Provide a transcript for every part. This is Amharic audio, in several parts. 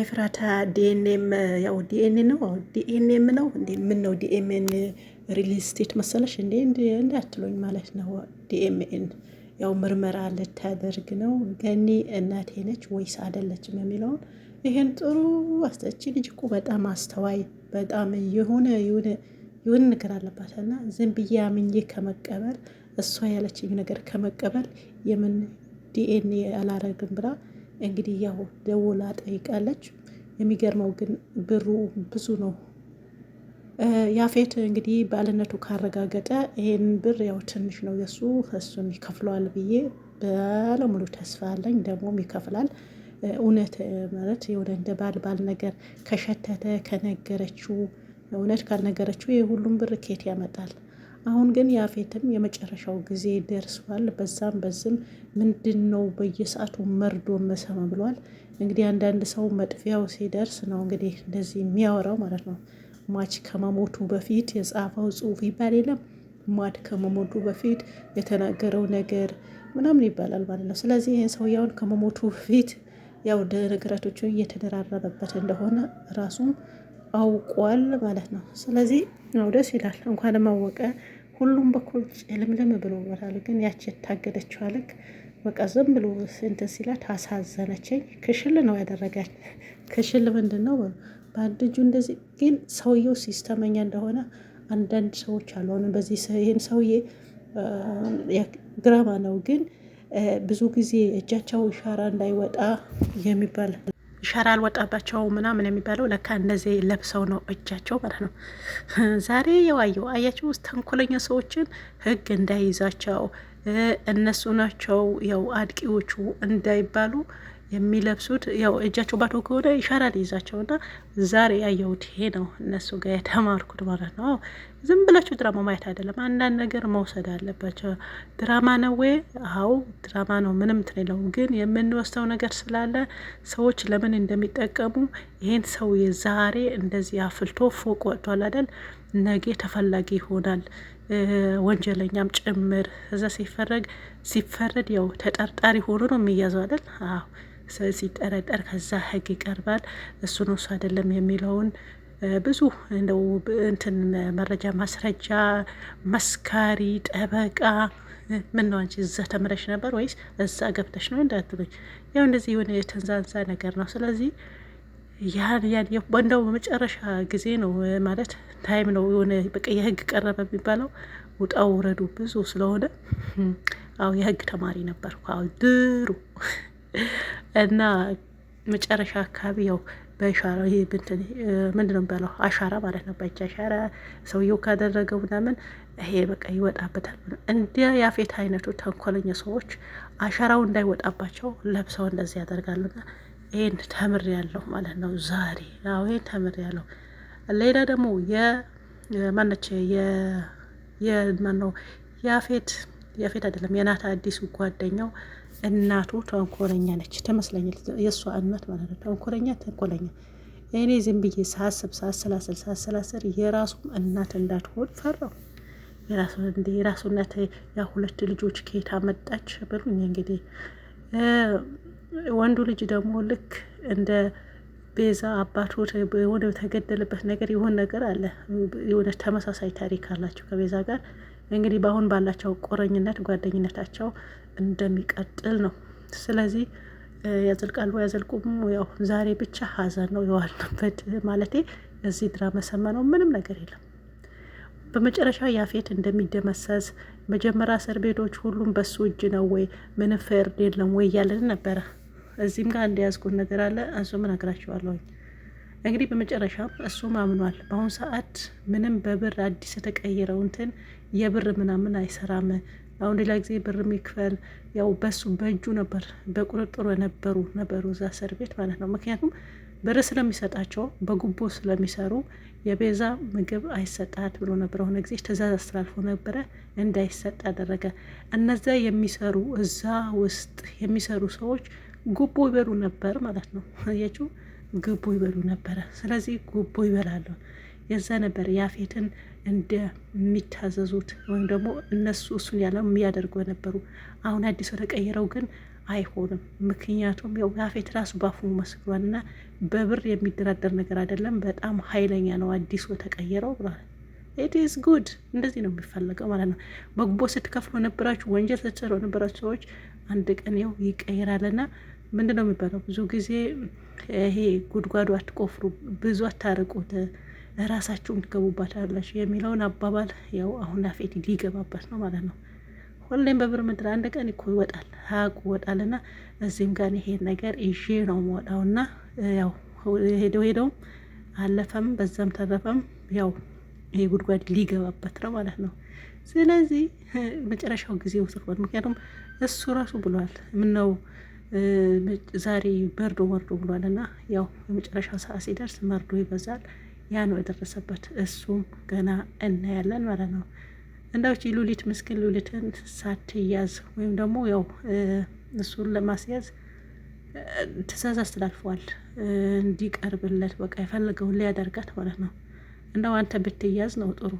ኤፍራታ ዲኤንኤም ያው ዲኤንኤ ነው ዲኤንኤም ነው እንዴ? ምን ነው ዲኤምኤን ሪሊዝ ስቴት መሰለሽ እንዴ? እንዲ አትሎኝ ማለት ነው። ዲኤምኤን ያው ምርመራ ልታደርግ ነው። ገኒ እናቴ ነች ወይስ አይደለችም የሚለውን ይህን ጥሩ አስተቺ ልጅ እኮ በጣም አስተዋይ በጣም የሆነ የሆነ ነገር አለባት እና ዝም ብዬ አምኜ ከመቀበል እሷ ያለችኝ ነገር ከመቀበል የምን ዲኤንኤ አላረግም ብላ እንግዲህ ያው ደውላ ጠይቃለች። የሚገርመው ግን ብሩ ብዙ ነው። ያፌት እንግዲህ ባልነቱ ካረጋገጠ ይህን ብር ያው ትንሽ ነው የሱ እሱን ይከፍለዋል ብዬ ባለሙሉ ተስፋ አለኝ። ደግሞም ይከፍላል። እውነት ማለት የሆነ እንደ ባል ባል ነገር ከሸተተ ከነገረችው እውነት ካልነገረችው የሁሉም ብር ኬት ያመጣል? አሁን ግን ያፌትም የመጨረሻው ጊዜ ደርሷል። በዛም በዝም ምንድን ነው በየሰዓቱ መርዶ መሰማ ብሏል። እንግዲህ አንዳንድ ሰው መጥፊያው ሲደርስ ነው እንግዲህ እንደዚህ የሚያወራው ማለት ነው። ማች ከመሞቱ በፊት የጻፈው ጽሑፍ ይባል የለም ሟች ከመሞቱ በፊት የተናገረው ነገር ምናምን ይባላል ማለት ነው። ስለዚህ ይህን ሰውየውን ከመሞቱ በፊት ያው ነገራቶቹ እየተደራረበበት እንደሆነ ራሱም አውቋል ማለት ነው። ስለዚህ ነው ደስ ይላል። እንኳን ለማወቀ ሁሉም በኩል ጭልምልም ብሎበታል። ግን ያቺ የታገደችዋ ልክ በቃ ዝም ብሎ እንትን ሲላት አሳዘነችኝ። ክሽል ነው ያደረጋች። ክሽል ምንድን ነው በአንድ እጁ እንደዚህ። ግን ሰውየው ሲስተመኛ እንደሆነ አንዳንድ ሰዎች አሉ። አሁን በዚህ ይህን ሰውዬ ድራማ ነው፣ ግን ብዙ ጊዜ እጃቸው ኢሻራ እንዳይወጣ የሚባል ሸራ አልወጣባቸው ምናምን የሚባለው ለካ እንደዚህ ለብሰው ነው እጃቸው ማለት ነው። ዛሬ የዋየው አያቸው ውስጥ ተንኮለኛ ሰዎችን ህግ እንዳይዛቸው እነሱ ናቸው ያው አድቂዎቹ እንዳይባሉ የሚለብሱት ያው እጃቸው ባዶ ከሆነ ይዛቸው ሊይዛቸውና ዛሬ ያየሁት ይሄ ነው እነሱ ጋር የተማርኩት ማለት ነው። ዝም ብላችሁ ድራማ ማየት አይደለም፣ አንዳንድ ነገር መውሰድ አለባቸው። ድራማ ነው ወይ? አዎ ድራማ ነው፣ ምንም እንትን የለውም። ግን የምንወስደው ነገር ስላለ ሰዎች ለምን እንደሚጠቀሙ ይሄን ሰው ዛሬ እንደዚህ አፍልቶ ፎቅ ወጥቷል አይደል? ነገ ተፈላጊ ይሆናል። ወንጀለኛም ጭምር እዛ ሲፈረግ ሲፈረድ ያው ተጠርጣሪ ሆኖ ነው የሚያዘው አይደል? አዎ ሲጠረጠር ከዛ ህግ ይቀርባል። እሱ ነው እሱ አይደለም የሚለውን ብዙ እንደው እንትን መረጃ ማስረጃ መስካሪ ጠበቃ ምን ነው አንቺ እዛ ተምረሽ ነበር ወይስ እዛ ገብተሽ ነው እንዳትሉኝ። ያው እንደዚህ የሆነ የተንዛንዛ ነገር ነው። ስለዚህ ያን ያን ወንዳው በመጨረሻ ጊዜ ነው ማለት ታይም ነው የሆነ በቃ የህግ ቀረበ የሚባለው ውጣ ውረዱ ብዙ ስለሆነ አሁ የህግ ተማሪ ነበር አዎ ድሮ እና መጨረሻ አካባቢ ያው በሻራ ይሄ እንትን ምንድን ነው የሚባለው አሻራ ማለት ነው። በእጅ አሻራ ሰውየው ካደረገው ምናምን ይሄ በቃ ይወጣበታል። እንደ ያፌት አይነቱ ተንኮለኛ ሰዎች አሻራው እንዳይወጣባቸው ለብሰው እንደዚህ ያደርጋሉና ይሄን ተምር ያለሁ ማለት ነው ዛሬ። አዎ ይሄን ተምር ያለሁ። ሌላ ደግሞ የማነች የማነው ያፌት ያፌት አይደለም የናት አዲሱ ጓደኛው እናቱ ተንኮለኛ ነች ትመስለኛለች። የእሷ እናት ማለት ነው ተንኮለኛ ተንኮለኛ እኔ ዝም ብዬ ሳስብ ሳስላስል ሳስላስል የራሱም እናት እንዳትሆን ፈራው። የራሱ እናት ያ ሁለት ልጆች ከየት አመጣች ብሉኝ እንግዲህ ወንዱ ልጅ ደግሞ ልክ እንደ ቤዛ አባቱ የሆነ የተገደለበት ነገር ይሆን ነገር አለ። የሆነ ተመሳሳይ ታሪክ አላቸው ከቤዛ ጋር። እንግዲህ በአሁን ባላቸው ቆረኝነት ጓደኝነታቸው እንደሚቀጥል ነው። ስለዚህ ያዘልቃሉ ያዘልቁም። ያው ዛሬ ብቻ ሀዘን ነው የዋልንበት። ማለት እዚህ ድራማ ሰማነው ምንም ነገር የለም። በመጨረሻ ያፌት እንደሚደመሰስ መጀመሪያ እስር ቤቶች ሁሉም በሱ እጅ ነው ወይ ምንም ፍርድ የለም ወይ እያለን ነበረ እዚህም ጋር እንደያዝኩት ነገር አለ፣ እሱም እነግራችኋለሁ። እንግዲህ በመጨረሻም እሱም አምኗል። በአሁኑ ሰዓት ምንም በብር አዲስ የተቀየረው እንትን የብር ምናምን አይሰራም። አሁን ሌላ ጊዜ ብር የሚክፈል ያው በሱ በእጁ ነበር በቁጥጥሩ የነበሩ ነበሩ እዛ እስር ቤት ማለት ነው። ምክንያቱም ብር ስለሚሰጣቸው በጉቦ ስለሚሰሩ የቤዛ ምግብ አይሰጣት ብሎ ነበር። ሆነ ጊዜ ትእዛዝ አስተላልፎ ነበረ እንዳይሰጥ አደረገ። እነዚያ የሚሰሩ እዛ ውስጥ የሚሰሩ ሰዎች ጉቦ ይበሉ ነበር ማለት ነው። አያችሁ ጉቦ ይበሉ ነበረ። ስለዚህ ጉቦ ይበላሉ። የዛ ነበር ያፌትን እንደሚታዘዙት ወይም ደግሞ እነሱ እሱን ያለው የሚያደርጉ የነበሩ። አሁን አዲስ ወደ ቀየረው ግን አይሆንም። ምክንያቱም ያው ያፌት ራሱ ባፉ መስክሯል እና በብር የሚደራደር ነገር አይደለም። በጣም ኃይለኛ ነው አዲሱ ተቀየረው ብሏል። ኢት ኢዝ ጉድ። እንደዚህ ነው የሚፈለገው ማለት ነው። በጉቦ ስትከፍሉ ነበራችሁ፣ ወንጀል ስትሰሩ ነበራችሁ ሰዎች አንድ ቀን ያው ይቀይራልና ምንድን ነው የሚባለው? ብዙ ጊዜ ይሄ ጉድጓዱ አትቆፍሩ፣ ብዙ አታርቁት፣ ራሳችሁም ትገቡባታላችሁ የሚለውን አባባል ያው አሁን አፌት ሊገባበት ነው ማለት ነው። ሁሌም በብር ምድር አንድ ቀን እኮ ይወጣል፣ ሀቁ ይወጣልና እዚህም ጋር ይሄን ነገር ይዤ ነው የምወጣውና ያው ሄደው ሄደውም አለፈም በዛም ተረፈም ያው ይሄ ጉድጓድ ሊገባበት ነው ማለት ነው። ስለዚህ መጨረሻው ጊዜ ውስጥ ምክንያቱም እሱ ራሱ ብሏል ምነው ዛሬ በርዶ ወርዶ ብሏል እና ያው የመጨረሻ ሰዓት ሲደርስ መርዶ ይበዛል። ያ ነው የደረሰበት። እሱም ገና እናያለን ማለት ነው። እንዳውች ሉሊት ምስኪን ሉሊትን ሳትያዝ ወይም ደግሞ ያው እሱን ለማስያዝ ትእዛዝ አስተላልፈዋል እንዲቀርብለት በቃ የፈለገውን ሊያደርጋት ማለት ነው። እንደው አንተ ብትያዝ ነው ጥሩ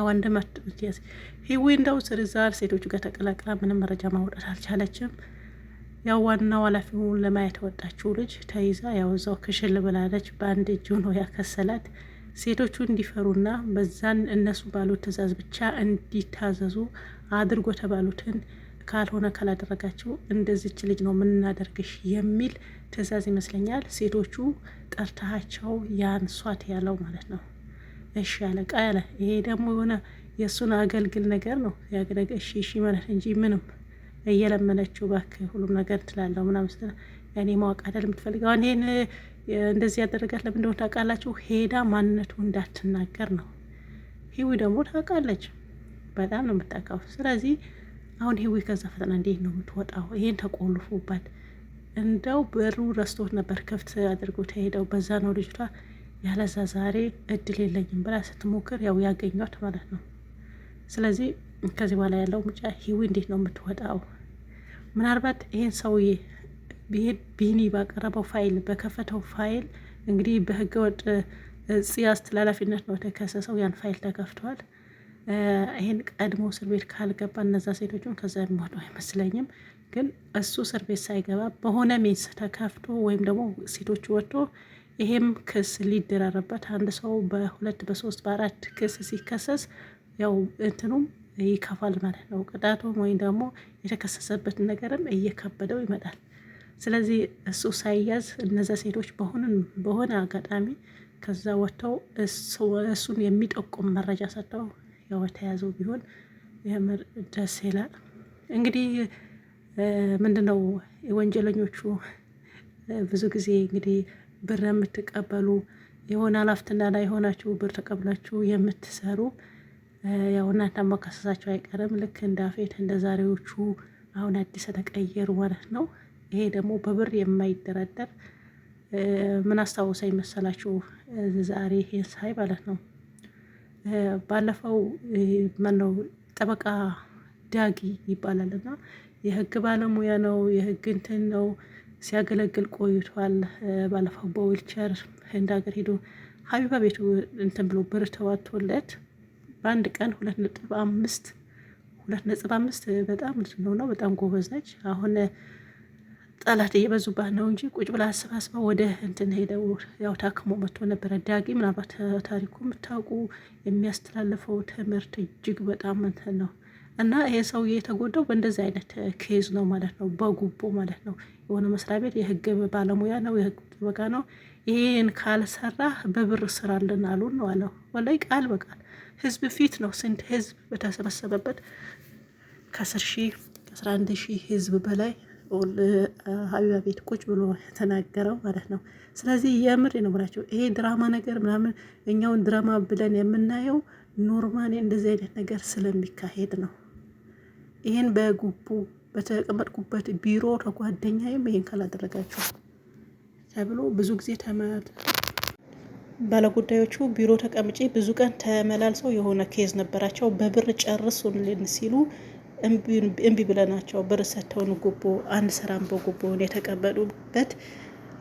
አዎ ማት ያዝ ሂዊ እንደው ስርዛር ሴቶቹ ጋር ተቀላቅላ ምንም መረጃ ማውጣት አልቻለችም። ያው ዋናው ኃላፊውን ለማየት ወጣችው ልጅ ተይዛ ያው እዛው ክሽል ብላለች። በአንድ እጁ ነው ያከሰላት። ሴቶቹ እንዲፈሩና በዛን እነሱ ባሉት ትእዛዝ ብቻ እንዲታዘዙ አድርጎ ተባሉትን ካልሆነ ካላደረጋቸው እንደዚች ልጅ ነው የምናደርግሽ የሚል ትእዛዝ ይመስለኛል። ሴቶቹ ጠርታቸው ያንሷት ያለው ማለት ነው። እሺ አለቃ ያለ ይሄ ደግሞ የሆነ የእሱን አገልግል ነገር ነው ያገደገ እሺ እሺ ማለት እንጂ ምንም እየለመነችው ባክ ሁሉም ነገር ትላለው ምናምን ስትል እኔ ማወቅ አይደለም የምትፈልገው ይሄን እንደዚህ ያደረጋት ለምን እንደሆነ ታውቃላችሁ። ሄዳ ማንነቱ እንዳትናገር ነው። ሂዊ ደግሞ ታውቃለች፣ በጣም ነው የምታውቀው። ስለዚህ አሁን ሂዊ ከዛ ፈተና እንዴት ነው የምትወጣው? ይሄን ተቆልፎባት እንደው በሩ ረስቶት ነበር ክፍት አድርጎ ተሄደው በዛ ነው ልጅቷ ያለዛ ዛሬ እድል የለኝም ብላ ስትሞክር ያው ያገኟት ማለት ነው። ስለዚህ ከዚህ በኋላ ያለው ምርጫ ሂዊ እንዴት ነው የምትወጣው? ምናልባት ይሄን ሰውዬ ቢኒ ባቀረበው ፋይል በከፈተው ፋይል እንግዲህ በህገወጥ ጽ አስተላላፊነት ነው የተከሰሰው። ያን ፋይል ተከፍቷል። ይህን ቀድሞ እስር ቤት ካልገባ እነዛ ሴቶችም ከዛ የሚሆኑ አይመስለኝም። ግን እሱ እስር ቤት ሳይገባ በሆነ ሜስ ተከፍቶ ወይም ደግሞ ሴቶች ወጥቶ ይሄም ክስ ሊደራረበት አንድ ሰው በሁለት በሶስት በአራት ክስ ሲከሰስ ያው እንትኑም ይከፋል ማለት ነው። ቅጣቱም ወይም ደግሞ የተከሰሰበትን ነገርም እየከበደው ይመጣል። ስለዚህ እሱ ሳይያዝ እነዛ ሴቶች በሆነ አጋጣሚ ከዛ ወጥተው እሱን የሚጠቁም መረጃ ሰጥተው ያው የተያዘው ቢሆን የምር ደስ ይላል። እንግዲህ ምንድን ነው ወንጀለኞቹ ብዙ ጊዜ እንግዲህ ብር የምትቀበሉ የሆነ አላፍትና ላይ የሆናችሁ ብር ተቀብላችሁ የምትሰሩ ያው እናንተ ማካሰሳቸው አይቀርም። ልክ እንደ አፌት እንደ ዛሬዎቹ አሁን አዲስ ተቀየሩ ማለት ነው። ይሄ ደግሞ በብር የማይደረደር ምን አስታውሳኝ መሰላችሁ? ዛሬ ይሄን ሳይ ማለት ነው ባለፈው ማነው ጠበቃ ዳጊ ይባላል እና የህግ ባለሙያ ነው፣ የህግ እንትን ነው ሲያገለግል ቆይቷል። ባለፈው በዊልቸር ህንድ ሀገር ሄዶ ሀቢባ ቤቱ እንትን ብሎ ብር ተዋቶለት በአንድ ቀን ሁለት ነጥብ አምስት ሁለት ነጥብ አምስት በጣም ነው ነው በጣም ጎበዝ ነች። አሁን ጠላት እየበዙባት ነው እንጂ ቁጭ ብላ አሰባስባ ወደ እንትን ሄደው ያው ታክሞ መጥቶ ነበረ። ዳጊ ምናልባት ታሪኩ የምታውቁ የሚያስተላልፈው ትምህርት እጅግ በጣም እንትን ነው እና ይሄ ሰውዬ የተጎዳው በእንደዚህ አይነት ኬዝ ነው ማለት ነው፣ በጉቦ ማለት ነው። የሆነ መስሪያ ቤት የህግ ባለሙያ ነው፣ የህግ ጠበቃ ነው። ይህን ካልሰራ በብር ስራልን አሉን ነው አለው። ቃል በቃል ህዝብ ፊት ነው። ስንት ህዝብ በተሰበሰበበት ከአስር ሺህ ከአስራ አንድ ሺህ ህዝብ በላይ ሀቢባ ቤት ቁጭ ብሎ የተናገረው ማለት ነው። ስለዚህ የምር የነበራቸው ይሄ ድራማ ነገር ምናምን እኛውን ድራማ ብለን የምናየው ኖርማል እንደዚህ አይነት ነገር ስለሚካሄድ ነው። ይህን በጉቡ በተቀመጥኩበት ቢሮ ከጓደኛዬም ይህን ካላደረጋችሁ ተብሎ ብዙ ጊዜ ተመ ባለጉዳዮቹ ቢሮ ተቀምጬ ብዙ ቀን ተመላልሰው የሆነ ኬዝ ነበራቸው። በብር ጨርሱልን ሲሉ እምቢ ብለናቸው ብር ሰጥተውን ጉቦ አንድ ስራም በጉቦውን የተቀበሉበት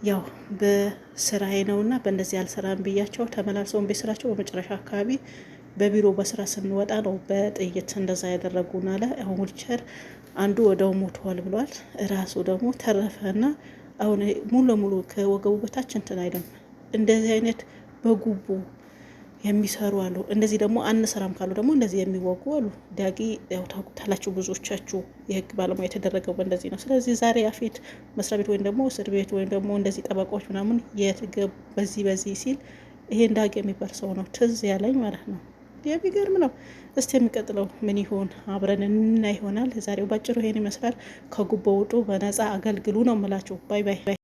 ያው በስራዬ እና በእንደዚህ አልሰራም ብያቸው ተመላልሰው እምቢ ስራቸው በመጨረሻ አካባቢ በቢሮ በስራ ስንወጣ ነው በጥይት እንደዛ ያደረጉን አለ። አሁን ዊልቸር አንዱ ወደው ሞተዋል ብሏል። ራሱ ደግሞ ተረፈ እና አሁን ሙሉ ለሙሉ ከወገቡ በታች እንትን አይደለም እንደዚህ አይነት በጉቦ የሚሰሩ አሉ። እንደዚህ ደግሞ አንሰራም ካሉ ደግሞ እንደዚህ የሚወጉ አሉ። ዳጊ ያው ታውቁታላችሁ ብዙዎቻችሁ የህግ ባለሙያ የተደረገው በእንደዚህ ነው። ስለዚህ ዛሬ አፌት መስሪያ ቤት ወይም ደግሞ እስር ቤት ወይም ደግሞ እንደዚህ ጠበቃዎች ምናምን የትገብ በዚህ በዚህ ሲል ይሄን ዳጊ የሚባል ሰው ነው ትዝ ያለኝ ማለት ነው። የሚገርም ነው። እስቲ የሚቀጥለው ምን ይሆን አብረን እና ይሆናል። ዛሬው ባጭሩ ይሄን ይመስላል። ከጉቦ ውጡ፣ በነፃ አገልግሉ ነው የምላችሁ። ባይ ባይ።